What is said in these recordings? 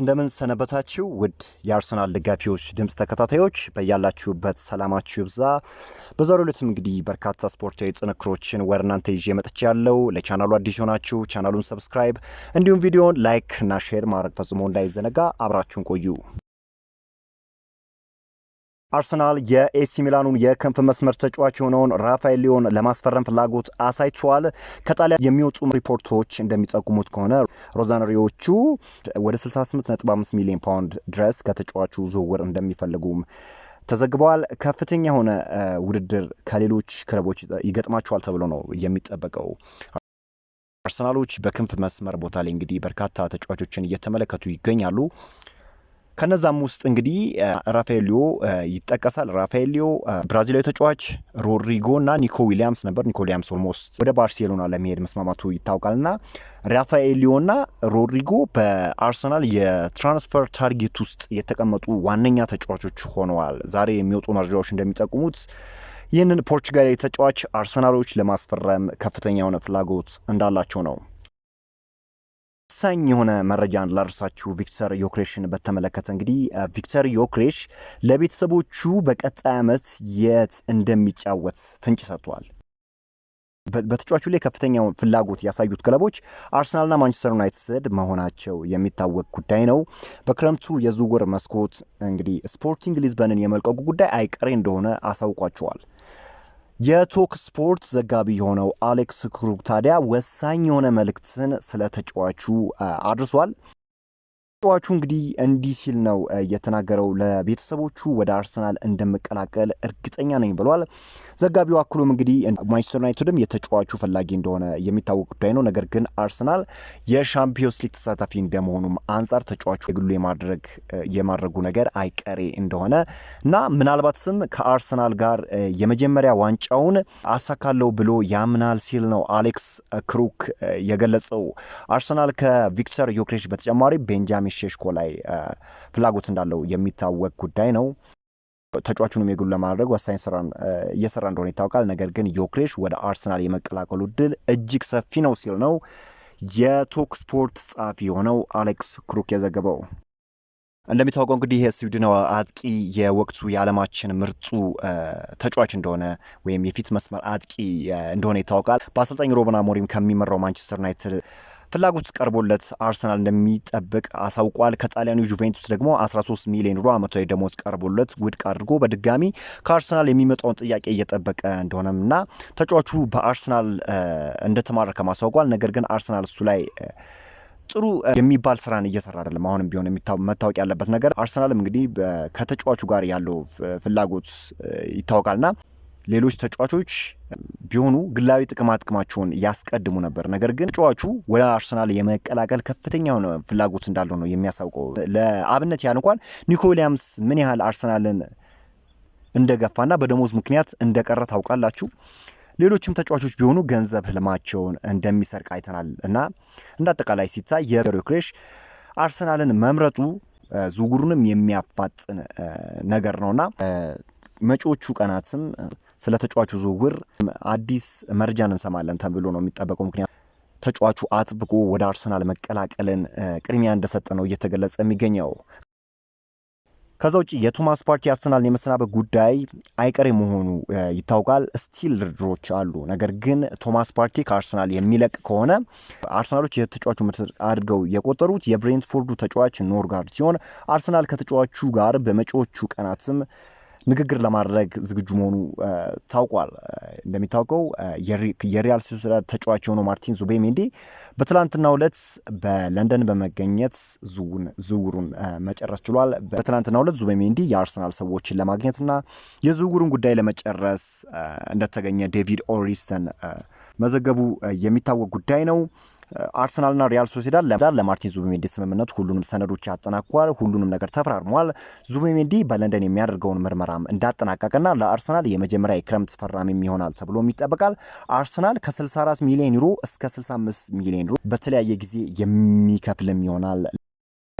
እንደምን ሰነበታችሁ ውድ የአርሰናል ደጋፊዎች ድምፅ ተከታታዮች፣ በያላችሁበት ሰላማችሁ ይብዛ። በዛሬው ዕለትም እንግዲህ በርካታ ስፖርታዊ ጥንክሮችን ወደ እናንተ ይዤ መጥቼ ያለው። ለቻናሉ አዲስ ሆናችሁ ቻናሉን ሰብስክራይብ፣ እንዲሁም ቪዲዮን ላይክ እና ሼር ማድረግ ፈጽሞ እንዳይዘነጋ። አብራችሁን ቆዩ። አርሰናል የኤሲ ሚላኑን የክንፍ መስመር ተጫዋች የሆነውን ራፋኤል ሊዮን ለማስፈረም ፍላጎት አሳይቷል። ከጣሊያን የሚወጡ ሪፖርቶች እንደሚጠቁሙት ከሆነ ሮዛነሪዎቹ ወደ 68.5 ሚሊዮን ፓውንድ ድረስ ከተጫዋቹ ዝውውር እንደሚፈልጉም ተዘግበዋል። ከፍተኛ የሆነ ውድድር ከሌሎች ክለቦች ይገጥማቸዋል ተብሎ ነው የሚጠበቀው። አርሰናሎች በክንፍ መስመር ቦታ ላይ እንግዲህ በርካታ ተጫዋቾችን እየተመለከቱ ይገኛሉ። ከነዛም ውስጥ እንግዲህ ራፋኤል ይጠቀሳል። ራፋኤል ብራዚላዊ ተጫዋች ሮድሪጎ እና ኒኮ ዊሊያምስ ነበር። ኒኮ ዊሊያምስ ኦልሞስት ወደ ባርሴሎና ለመሄድ መስማማቱ ይታወቃል። እና ራፋኤልዮ እና ሮድሪጎ በአርሰናል የትራንስፈር ታርጌት ውስጥ የተቀመጡ ዋነኛ ተጫዋቾች ሆነዋል። ዛሬ የሚወጡ መረጃዎች እንደሚጠቁሙት ይህንን ፖርቹጋላዊ ተጫዋች አርሰናሎች ለማስፈረም ከፍተኛ የሆነ ፍላጎት እንዳላቸው ነው። ወሳኝ የሆነ መረጃን ላርሳችሁ ቪክተር ዮክሬሽን በተመለከተ እንግዲህ ቪክተር ዮክሬሽ ለቤተሰቦቹ በቀጣይ ዓመት የት እንደሚጫወት ፍንጭ ሰጥቷል። በተጫዋቹ ላይ ከፍተኛውን ፍላጎት ያሳዩት ክለቦች አርሰናልና ማንቸስተር ዩናይትድ መሆናቸው የሚታወቅ ጉዳይ ነው። በክረምቱ የዝውውር መስኮት እንግዲህ ስፖርቲንግ ሊዝበንን የመልቀቁ ጉዳይ አይቀሬ እንደሆነ አሳውቋቸዋል። የቶክ ስፖርት ዘጋቢ የሆነው አሌክስ ክሩግ ታዲያ ወሳኝ የሆነ መልእክትን ስለ ተጫዋቹ አድርሷል። ተጫዋቹ እንግዲህ እንዲህ ሲል ነው የተናገረው። ለቤተሰቦቹ ወደ አርሰናል እንደምቀላቀል እርግጠኛ ነኝ ብሏል። ዘጋቢው አክሎም እንግዲህ ማንቸስተር ዩናይትድም የተጫዋቹ ፈላጊ እንደሆነ የሚታወቅ ጉዳይ ነው። ነገር ግን አርሰናል የሻምፒዮንስ ሊግ ተሳታፊ እንደመሆኑም አንጻር ተጫዋቹ የግሉ የማድረግ የማድረጉ ነገር አይቀሬ እንደሆነ እና ምናልባት ስም ከአርሰናል ጋር የመጀመሪያ ዋንጫውን አሳካለው ብሎ ያምናል ሲል ነው አሌክስ ክሩክ የገለጸው። አርሰናል ከቪክተር ዮክሬሽ በተጨማሪ ቤንጃሚን ሼሽኮ ላይ ፍላጎት እንዳለው የሚታወቅ ጉዳይ ነው። ተጫዋቹንም የግሉ ለማድረግ ወሳኝ ስራን እየሰራ እንደሆነ ይታወቃል። ነገር ግን ዮክሬሽ ወደ አርሰናል የመቀላቀሉ እድል እጅግ ሰፊ ነው ሲል ነው የቶክ ስፖርት ጸሐፊ የሆነው አሌክስ ክሩክ የዘገበው። እንደሚታወቀው እንግዲህ የስዊድን አጥቂ የወቅቱ የዓለማችን ምርጡ ተጫዋች እንደሆነ ወይም የፊት መስመር አጥቂ እንደሆነ ይታወቃል። በአሰልጣኝ ሮበን አሞሪም ከሚመራው ማንቸስተር ዩናይትድ ፍላጎት ቀርቦለት አርሰናል እንደሚጠብቅ አሳውቋል። ከጣሊያኑ ዩቬንቱስ ደግሞ 13 ሚሊዮን ዩሮ አመታዊ ደሞዝ ቀርቦለት ውድቅ አድርጎ በድጋሚ ከአርሰናል የሚመጣውን ጥያቄ እየጠበቀ እንደሆነም እና ተጫዋቹ በአርሰናል እንደተማረከም አሳውቋል። ነገር ግን አርሰናል እሱ ላይ ጥሩ የሚባል ስራን እየሰራ አይደለም። አሁንም ቢሆን መታወቅ ያለበት ነገር አርሰናልም እንግዲህ ከተጫዋቹ ጋር ያለው ፍላጎት ይታወቃልና ሌሎች ተጫዋቾች ቢሆኑ ግላዊ ጥቅማ ጥቅማቸውን ያስቀድሙ ነበር። ነገር ግን ተጫዋቹ ወደ አርሰናል የመቀላቀል ከፍተኛ የሆነ ፍላጎት እንዳለው ነው የሚያሳውቀው። ለአብነት ያህል እንኳን ኒኮ ዊሊያምስ ምን ያህል አርሰናልን እንደገፋና በደሞዝ ምክንያት እንደቀረ ታውቃላችሁ። ሌሎችም ተጫዋቾች ቢሆኑ ገንዘብ ህልማቸውን እንደሚሰርቅ አይተናል እና እንደ አጠቃላይ ሲታይ የሮ ክሬሽ አርሰናልን መምረጡ ዝውውሩንም የሚያፋጥን ነገር ነውና መጪዎቹ ቀናትም ስለ ተጫዋቹ ዝውውር አዲስ መረጃን እንሰማለን ተብሎ ነው የሚጠበቀው። ምክንያቱ ተጫዋቹ አጥብቆ ወደ አርሰናል መቀላቀልን ቅድሚያ እንደሰጠ ነው እየተገለጸ የሚገኘው። ከዛ ውጭ የቶማስ ፓርቲ አርሰናልን የመሰናበት ጉዳይ አይቀሬ መሆኑ ይታወቃል። ስቲል ድርድሮች አሉ። ነገር ግን ቶማስ ፓርቲ ከአርሰናል የሚለቅ ከሆነ አርሰናሎች የተጫዋቹ ምትር አድርገው የቆጠሩት የብሬንትፎርዱ ተጫዋች ኖርጋርድ ሲሆን አርሰናል ከተጫዋቹ ጋር በመጪዎቹ ቀናትም ንግግር ለማድረግ ዝግጁ መሆኑ ታውቋል። እንደሚታወቀው የሪያል ሶሲዳድ ተጫዋች የሆነው ማርቲን ዙቤሜንዲ በትላንትና ዕለት በለንደን በመገኘት ዝውውሩን መጨረስ ችሏል። በትላንትናው ዕለት ዙቤሜንዲ የአርሰናል ሰዎችን ለማግኘትና የዝውውሩን ጉዳይ ለመጨረስ እንደተገኘ ዴቪድ ኦሪስተን መዘገቡ የሚታወቅ ጉዳይ ነው። አርሰናልና ሪያል ሶሲዳድ ለማርቲን ዙቢሜንዲ ስምምነት ሁሉንም ሰነዶች ያጠናቋል። ሁሉንም ነገር ተፈራርሟል። ዙቢሜንዲ በለንደን የሚያደርገውን ምርመራም እንዳጠናቀቀና ለአርሰናል የመጀመሪያ የክረምት ፈራሚም ይሆናል ተብሎም ይጠበቃል። አርሰናል ከ64 ሚሊዮን ዩሮ እስከ 65 ሚሊዮን ዩሮ በተለያየ ጊዜ የሚከፍልም ይሆናል።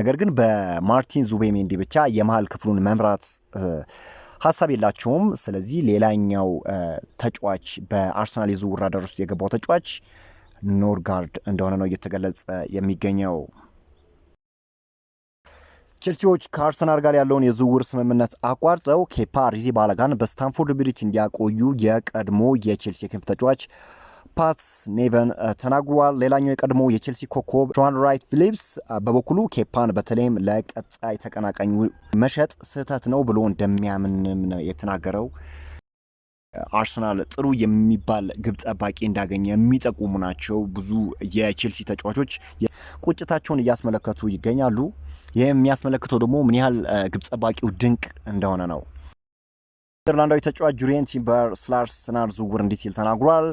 ነገር ግን በማርቲን ዙቢሜንዲ ብቻ የመሀል ክፍሉን መምራት ሀሳብ የላቸውም። ስለዚህ ሌላኛው ተጫዋች በአርሰናል የዝውውር አዳር ውስጥ የገባው ተጫዋች ኖርጋርድ እንደሆነ ነው እየተገለጸ የሚገኘው። ቸልሲዎች ከአርሰናል ጋር ያለውን የዝውውር ስምምነት አቋርጠው ኬፓ አሪዛባላጋን በስታንፎርድ ብሪጅ እንዲያቆዩ የቀድሞ የቼልሲ ክንፍ ተጫዋች ፓት ኔቨን ተናግሯል። ሌላኛው የቀድሞ የቼልሲ ኮከብ ጆን ራይት ፊሊፕስ በበኩሉ ኬፓን በተለይም ለቀጣይ ተቀናቃኙ መሸጥ ስህተት ነው ብሎ እንደሚያምንም የተናገረው አርሰናል ጥሩ የሚባል ግብ ጠባቂ እንዳገኘ የሚጠቁሙ ናቸው። ብዙ የቼልሲ ተጫዋቾች ቁጭታቸውን እያስመለከቱ ይገኛሉ። ይህ የሚያስመለክተው ደግሞ ምን ያህል ግብ ጠባቂው ድንቅ እንደሆነ ነው። ኔዘርላንዳዊ ተጫዋች ጁሪየን ቲምበር ስለ አርሰናል ዝውውር እንዲህ ሲል ተናግሯል።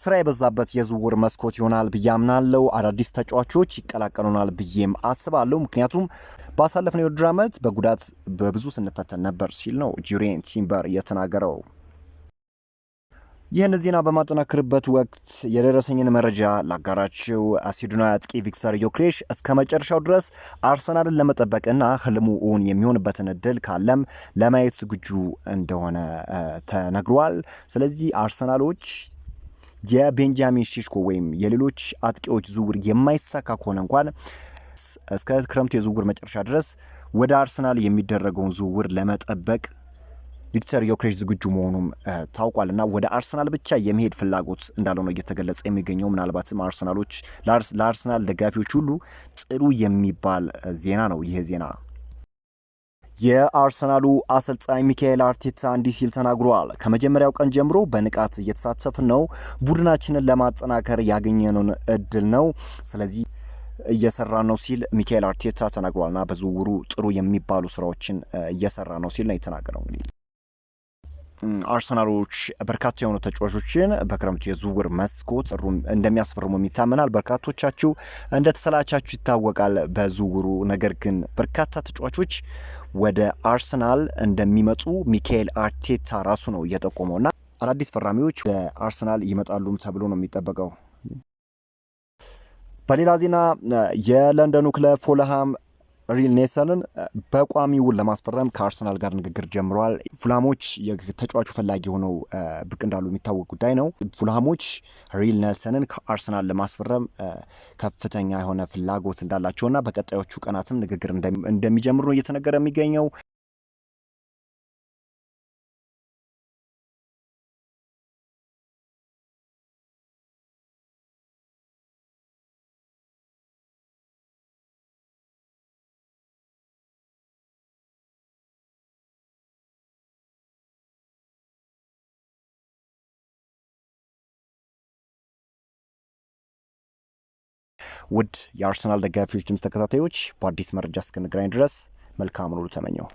ስራ የበዛበት የዝውውር መስኮት ይሆናል ብዬ አምናለሁ። አዳዲስ ተጫዋቾች ይቀላቀሉናል ብዬም አስባለሁ። ምክንያቱም ባሳለፍነው የውድድር ዓመት በጉዳት በብዙ ስንፈተን ነበር ሲል ነው ጁሪየን ቲምበር የተናገረው። ይህን ዜና በማጠናክርበት ወቅት የደረሰኝን መረጃ ላጋራችው። አሲዱና አጥቂ ቪክተር ዮክሬሽ እስከ መጨረሻው ድረስ አርሰናልን ለመጠበቅና ህልሙ እውን የሚሆንበትን እድል ካለም ለማየት ዝግጁ እንደሆነ ተነግሯል። ስለዚህ አርሰናሎች የቤንጃሚን ሼሽኮ ወይም የሌሎች አጥቂዎች ዝውውር የማይሳካ ከሆነ እንኳን እስከ ክረምቱ የዝውውር መጨረሻ ድረስ ወደ አርሰናል የሚደረገውን ዝውውር ለመጠበቅ ቪክተር ዮክሬሽ ዝግጁ መሆኑም ታውቋል እና ወደ አርሰናል ብቻ የመሄድ ፍላጎት እንዳለው ነው እየተገለጸ የሚገኘው። ምናልባትም አርሰናሎች ለአርሰናል ደጋፊዎች ሁሉ ጥሩ የሚባል ዜና ነው ይሄ ዜና። የአርሰናሉ አሰልጣኝ ሚካኤል አርቴታ እንዲህ ሲል ተናግሯል። ከመጀመሪያው ቀን ጀምሮ በንቃት እየተሳተፍን ነው። ቡድናችንን ለማጠናከር ያገኘነውን እድል ነው። ስለዚህ እየሰራ ነው ሲል ሚካኤል አርቴታ ተናግሯልና በዝውውሩ ጥሩ የሚባሉ ስራዎችን እየሰራ ነው ሲል ነው የተናገረው እንግዲህ አርሰናሎች በርካታ የሆኑ ተጫዋቾችን በክረምቱ የዝውውር መስኮት እንደሚያስፈርሙ ይታመናል። በርካቶቻችሁ እንደተሰላቻችሁ ይታወቃል በዝውውሩ ነገር ግን በርካታ ተጫዋቾች ወደ አርሰናል እንደሚመጡ ሚካኤል አርቴታ ራሱ ነው እየጠቆመውና አዳዲስ ፈራሚዎች ወደ አርሰናል ይመጣሉም ተብሎ ነው የሚጠበቀው። በሌላ ዜና የለንደኑ ክለብ ፎለሃም። ሪል ኔልሰንን በቋሚ ውል ለማስፈረም ከአርሰናል ጋር ንግግር ጀምረዋል። ፉላሞች የተጫዋቹ ፈላጊ ሆነው ብቅ እንዳሉ የሚታወቅ ጉዳይ ነው። ፉላሞች ሪል ኔልሰንን ከአርሰናል ለማስፈረም ከፍተኛ የሆነ ፍላጎት እንዳላቸውና በቀጣዮቹ ቀናትም ንግግር እንደሚጀምሩ ነው እየተነገረ የሚገኘው። ውድ የአርሰናል ደጋፊዎች ድምፅ ተከታታዮች በአዲስ መረጃ እስክንግራኝ ድረስ መልካም ሮሉ ተመኘው።